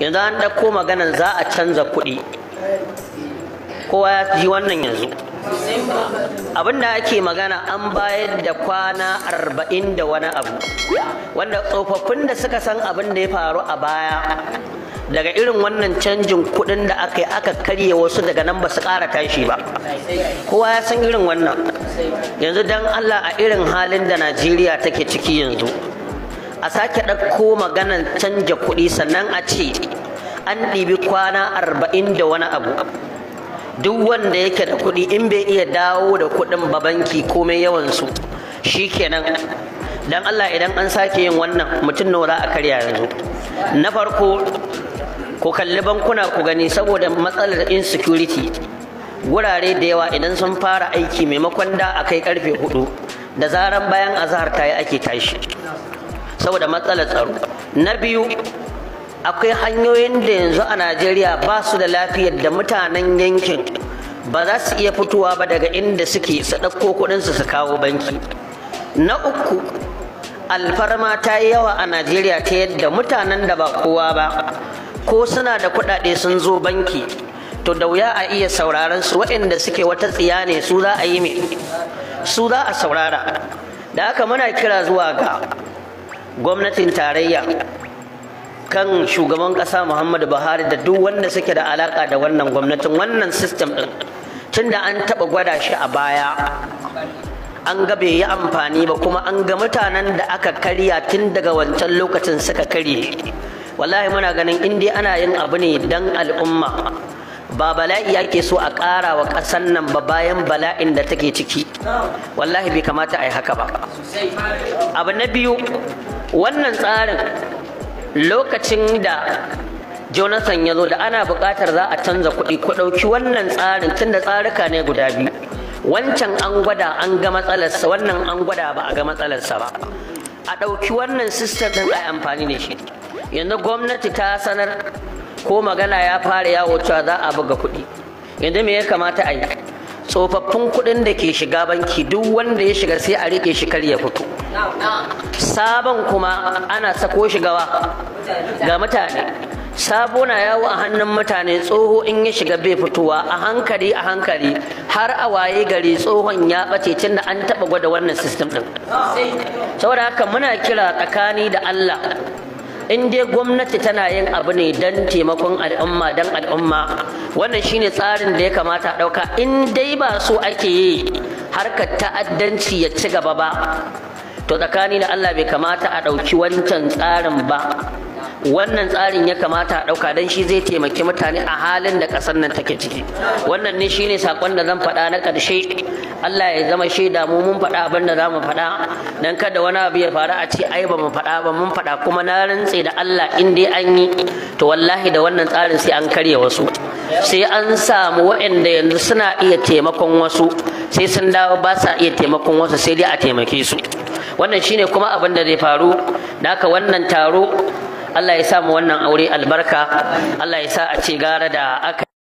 yanzu an ɗauko maganan za a canza kuɗi kowa ya ji wannan yanzu abinda ake magana an bayar da kwana arba'in da wani abu wanda tsofaffin da suka san abin da ya faru a baya daga irin wannan canjin kuɗin da aka yi aka karye wasu daga nan ba su ƙara tashi ba kowa ya san irin wannan yanzu don allah a irin halin da najeriya take ciki yanzu a sake ɗauko maganan canja kuɗi sannan a ce an ɗibi kwana arba'in da wani abu duk wanda yake da kuɗi in bai iya dawo da kuɗin ba banki komai yawansu shi kenan Don Allah idan an sake yin wannan mutum nora a karya yanzu na farko ku kalli bankuna ku gani saboda matsalar insecurity wurare da yawa idan sun fara aiki maimakon da a kai karfe hudu da zarar bayan azahar ta yi ake tashi saboda matsalar tsaro na biyu akwai hanyoyin da yanzu a najeriya ba su da lafiyar da mutanen yankin ba za su iya fitowa ba daga inda suke su ɗauko kuɗinsu su kawo banki na uku alfarma ta yi yawa a najeriya ta yadda mutanen da ba kowa ba ko suna da kuɗaɗe sun zo banki to da wuya a iya sauraron su waɗanda suke wata tsiya ne su za a yi mai su za a saurara da aka muna kira zuwa ga gwamnatin tarayya kan shugaban ƙasa muhammadu buhari da duk wanda suke da alaka da wannan gwamnatin wannan sistem ɗin tunda an taba gwada shi a baya an ga bai yi amfani ba kuma an ga mutanen da aka karya tun daga wancan lokacin suka karye wallahi muna ganin in ana yin abu ne dan al'umma ba bala'i ake so a ƙara wa ƙasar nan ba bayan bala'in da take ciki wallahi bai kamata a yi haka ba abu na biyu wannan tsarin lokacin da jonathan ya zo da ana buƙatar za a canza kuɗi ku ɗauki wannan tsarin tunda tsarika ne guda biyu wancan an gwada an ga matsalarsa wannan an gwada ba a ga matsalarsa ba a ɗauki wannan sistem ɗin a amfani da shi yanzu gwamnati ta sanar ko magana ya fara yawo cewa za a buga kuɗi yanzu me ya kamata a yi tsofaffin kuɗin da ke shiga banki duk wanda ya shiga sai a riƙe shi kar ya fito sabon kuma ana sako shigawa ga mutane sabo na yawo a hannun mutane tsoho in ya shiga bai fitowa a hankali a hankali har a waye gari tsohon ya ɓace tun da an taɓa gwada wannan sistem ɗin saboda haka muna kira tsakani da allah in dai gwamnati tana yin abu ne don taimakon al'umma don al'umma wannan shine tsarin da ya kamata a ɗauka in dai ba so ake yi harkar ta'addanci ya ci gaba ba to tsakani da Allah bai kamata a ɗauki wancan tsarin ba wannan tsarin ya kamata a ɗauka don shi zai taimaki mutane a halin da ƙasar nan take ciki wannan ne shine sakon da zan faɗa na ƙarshe Allah ya zama shaida mu mun faɗa abin da za mu faɗa dan kada wani abu ya faru a ce ai ba mu faɗa ba mun faɗa kuma na rantse da Allah in dai an yi to wallahi da wannan tsarin sai an karya wasu sai an samu waɗanda yanzu suna iya taimakon wasu sai sun dawo ba sa iya taimakon wasu sai dai a taimake su wannan shine kuma abin da zai faru da wannan taro Allah ya sa wannan aure albarka Allah ya sa a ce gara da aka